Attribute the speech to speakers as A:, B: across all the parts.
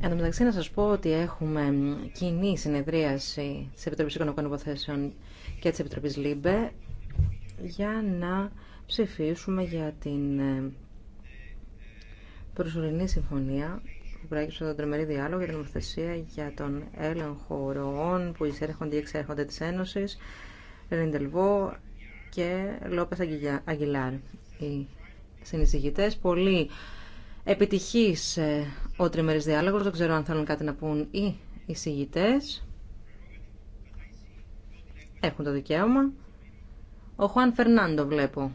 A: Εν τω μεταξύ να σα πω ότι έχουμε κοινή συνεδρίαση τη Επιτροπή Οικονομικών Υποθέσεων και τη Επιτροπή ΛΥΜΠΕ για να ψηφίσουμε για την ε, προσωρινή συμφωνία που προέκυψε τον τρομερή διάλογο για την νομοθεσία για τον έλεγχο ροών που εισέρχονται ή εξέρχονται τη Ένωση, Ρεντελβό και Λόπες Αγγιλάρ. Οι επιτυχής ε, ο τριμερής διάλογος. Δεν ξέρω αν θέλουν κάτι να πούν οι εισηγητές. Έχουν το δικαίωμα. Ο Χουάν Φερνάντο βλέπω.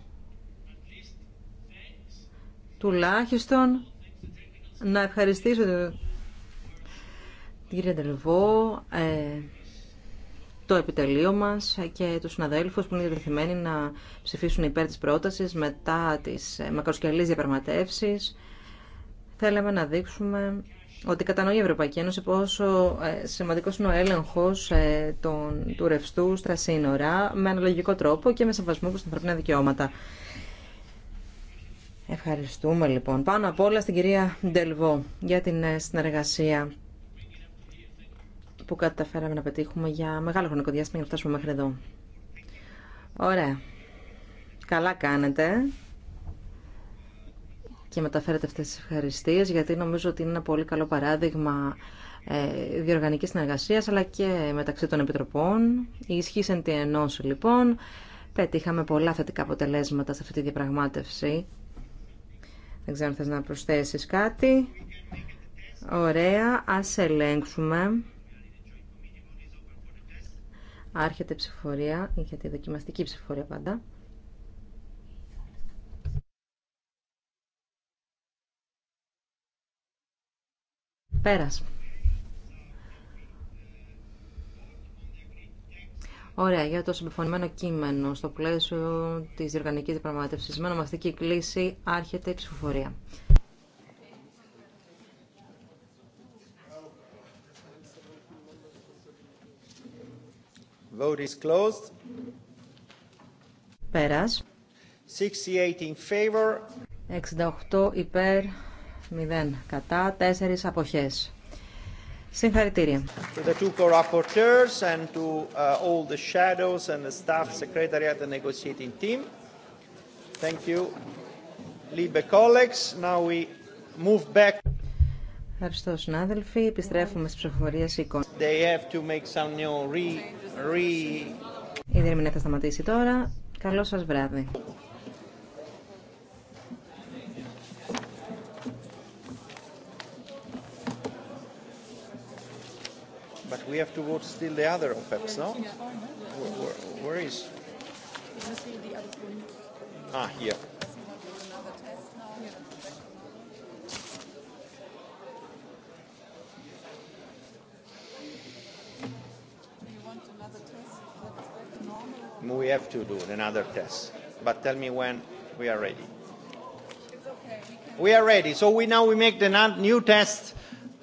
A: Τουλάχιστον να ευχαριστήσω την κυρία Ντελβό, ε, το επιτελείο μας και τους συναδέλφους που είναι διατεθειμένοι να ψηφίσουν υπέρ της πρότασης μετά τις ε, μακροσκελείς διαπραγματεύσεις θέλαμε να δείξουμε ότι κατανοεί η Ευρωπαϊκή Ένωση πόσο ε, σημαντικό είναι ο έλεγχο ε, του ρευστού στα σύνορα με αναλογικό τρόπο και με σεβασμό προ τα ανθρωπίνα δικαιώματα. Ευχαριστούμε λοιπόν πάνω απ' όλα στην κυρία Ντελβό για την ε, συνεργασία που καταφέραμε να πετύχουμε για μεγάλο χρονικό διάστημα για να φτάσουμε μέχρι εδώ. Ωραία. Καλά κάνετε και μεταφέρετε αυτές τις ευχαριστίες γιατί νομίζω ότι είναι ένα πολύ καλό παράδειγμα ε, διοργανικής συνεργασίας αλλά και μεταξύ των επιτροπών. Η ισχύ εν λοιπόν πετύχαμε πολλά θετικά αποτελέσματα σε αυτή τη διαπραγμάτευση. Δεν ξέρω αν θες να προσθέσεις κάτι. Ωραία, ας ελέγξουμε. Άρχεται η ψηφορία, για τη δοκιμαστική ψηφορία πάντα. Πέρας. Ωραία, για το συμπεφωνημένο κείμενο στο πλαίσιο της διοργανικής διαπραγματεύσης με ονομαστική κλίση άρχεται η ψηφοφορία.
B: Vote is closed.
A: Πέρας. 68 υπέρ, Μηδέν. κατά, τέσσερις αποχές. Συγχαρητήρια.
B: To the two co-rapporteurs and to uh, all the shadows and the staff secretariat and negotiating team. Thank you. Liebe colleagues, now we
A: move back. Ευχαριστώ συνάδελφοι. Επιστρέφουμε στις ψηφοφορίες εικόνων.
B: They have to make some new re... re...
A: Η δερμηνία θα σταματήσει τώρα. Καλό σας βράδυ.
B: we have to vote still the other OPEPs, no? Where is? Ah, here. We have to do another test, but tell me when we are ready. We are ready. So we now we make the new test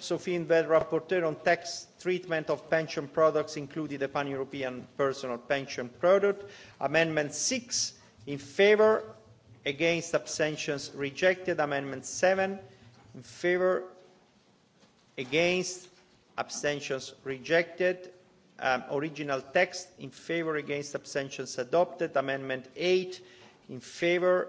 B: Sophie Bell, rapporteur on tax treatment of pension products, including the pan-European personal pension product. Amendment 6, in favor against abstentions rejected. Amendment 7, in favor against abstentions rejected. Original text, in favor against abstentions adopted. Amendment 8, in favor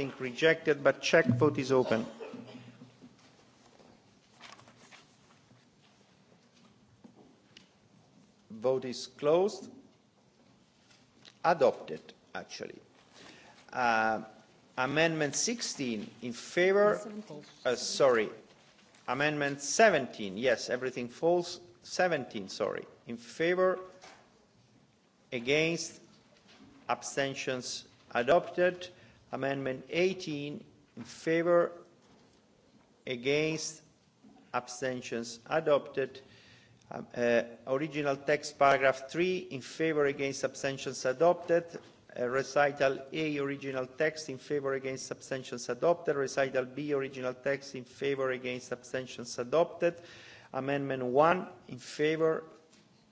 B: think rejected, but check vote is open. Vote is closed. Adopted, actually. Uh, amendment 16 in favor. sorry. Amendment 17, yes, everything falls. 17, sorry. In favor. Against. Abstentions adopted. Amendment 18 in favor, against, abstentions adopted. Original text paragraph 3 in favor, against, abstentions adopted. Recital A original text in favor, against, abstentions adopted. Recital B original text in favor, against, abstentions adopted. Amendment 1 in favor,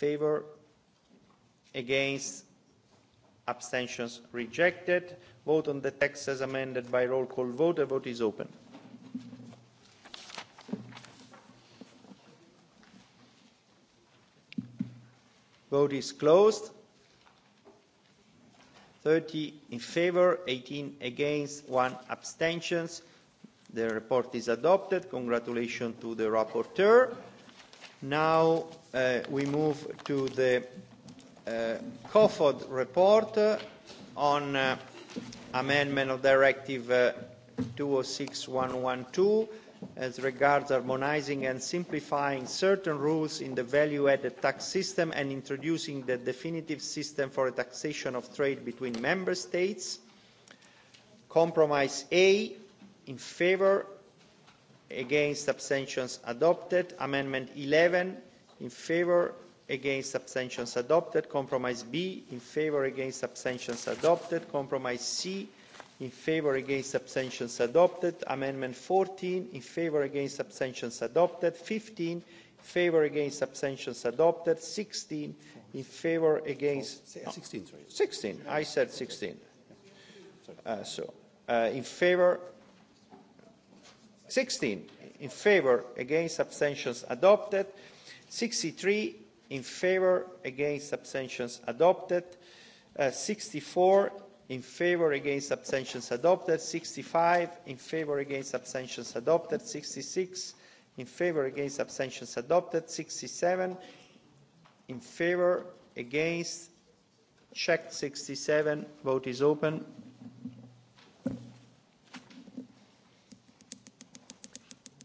B: favor against abstentions rejected vote on the text as amended by roll call vote the vote is open vote is closed 30 in favor 18 against one abstentions the report is adopted congratulations to the rapporteur Now we move to the COFOD report on amendment of Directive 206112 as regards harmonizing and simplifying certain rules in the value-added tax system and introducing the definitive system for taxation of trade between member states. Compromise A in favor against abstentions adopted amendment 11 in favor against abstentions adopted compromise b in favor against abstentions adopted compromise c in favor against abstentions adopted amendment 14 in favor against abstentions adopted 15 in favor against abstentions adopted 16 in favor against 16 16 i said 16 so in favor 16 in favour against abstentions adopted 63 in favour against abstentions adopted 64 in favour against abstentions adopted 65 in favour against abstentions adopted 66 in favour against abstentions adopted 67 in favour against check 67 vote is open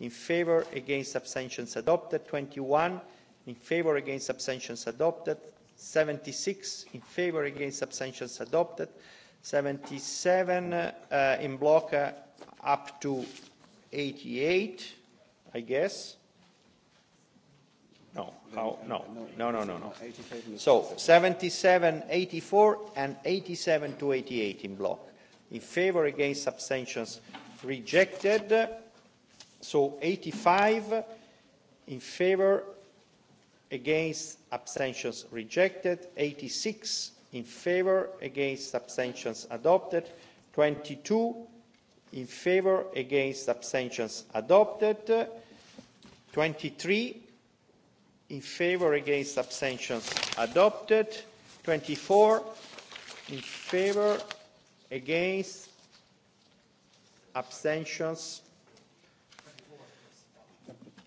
B: in favour against abstentions adopted 21 in favour against abstentions adopted 76 in favour against abstentions adopted 77 in block up to 88 I guess no how no no no no no so 77 84 and 87 to 88 in block in favour against abstentions rejected So 85 in favour, against abstentions rejected, 86 in favour, against abstentions adopted, 22 in favour, against abstentions adopted, 23 in favour, against abstentions adopted, 24 in favour, against abstentions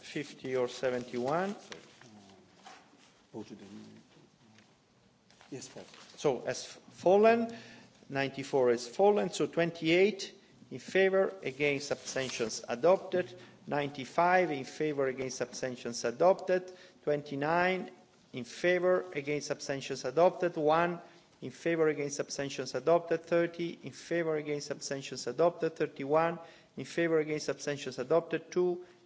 B: 50 or 71. Yes, so as fallen, 94 has fallen, so 28 in favor, against abstentions adopted, 95 in favor, against abstentions adopted, 29 in favor, against abstentions adopted, one in favor, against abstentions adopted, 30 in favor, against abstentions adopted, 31 in favor, against abstentions adopted, two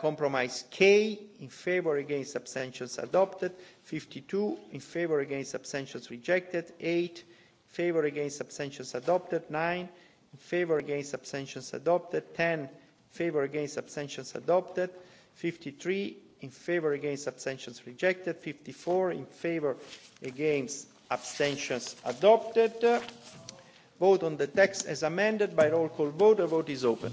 B: compromise K in favour against abstentions adopted 52 in favour against abstentions rejected 8 in favour against abstentions adopted 9 in favour against abstentions adopted 10 in favour against abstentions adopted 53 in favour against abstentions rejected 54 in favour against abstentions adopted vote on the text as amended by roll call vote the vote is open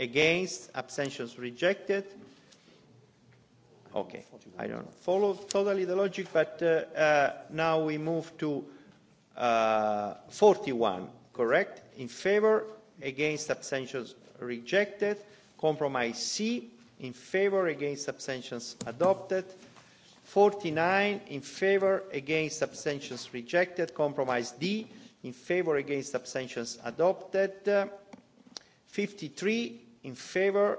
B: against abstentions rejected okay i don't follow totally the logic but now we move to 41 correct in favor against abstentions rejected compromise c in favor against abstentions adopted 49 in favor against abstentions rejected compromise d in favor against abstentions adopted 53 in favor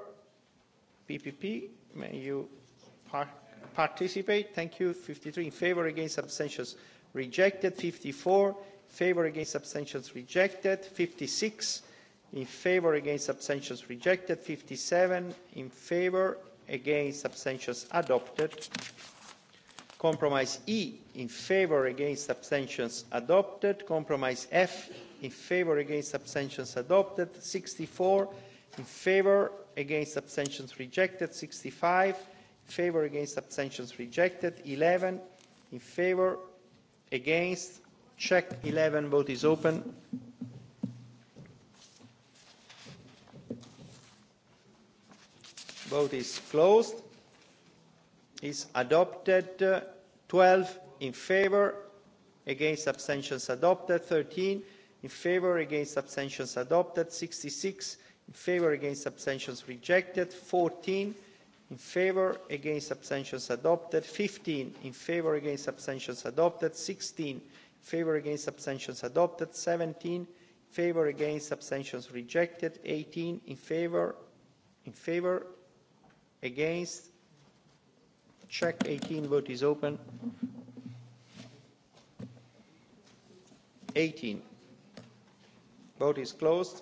B: ppp may you participate thank you 53 in favor against abstentions rejected 54 favor against abstentions rejected 56 in favor against abstentions rejected 57 in favor against abstentions adopted compromise e in favor against abstentions adopted compromise f in favor against abstentions adopted 64 in favor against abstentions rejected 65 in favor against abstentions rejected 11 in favor against check 11 vote is open vote is closed is adopted 12 in favor against abstentions adopted 13 in favor against abstentions adopted 66 in favour against abstentions rejected 14 in favour against abstentions adopted 15 in favour against abstentions adopted 16 in favour against abstentions adopted 17 in favour against abstentions rejected 18 in favour in favour against check 18 vote is open 18 vote is closed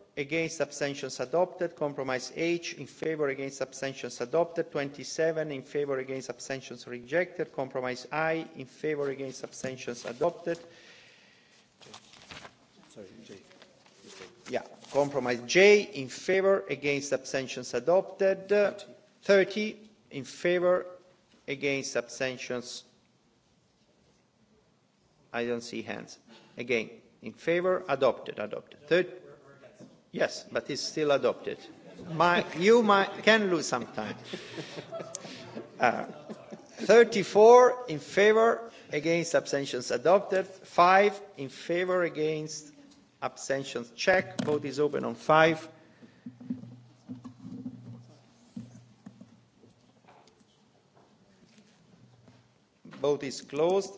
B: against abstentions adopted compromise h in favour against abstentions adopted 27 in favour against abstentions rejected compromise i in favour against abstentions adopted yeah compromise j in favour against abstentions adopted 30 in favour against abstentions i don't see hands again in favour adopted adopted Yes, but it's still adopted. My, you might, can lose some time. Uh, 34 in favor, against abstentions adopted. Five in favor, against abstentions check. Vote is open on five. Vote is closed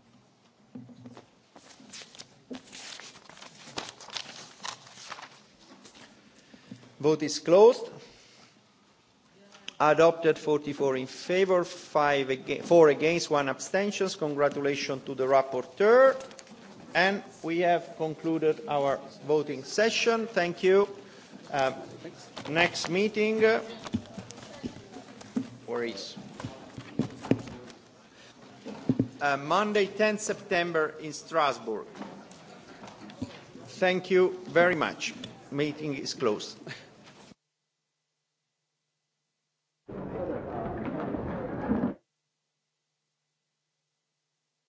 B: Vote is closed. Adopted 44 in favor, 4 against, 1 abstentions. Congratulations to the rapporteur. And we have concluded our voting session. Thank you. Next meeting. Where is? Monday, 10 September in Strasbourg. Thank you very much. Meeting is closed.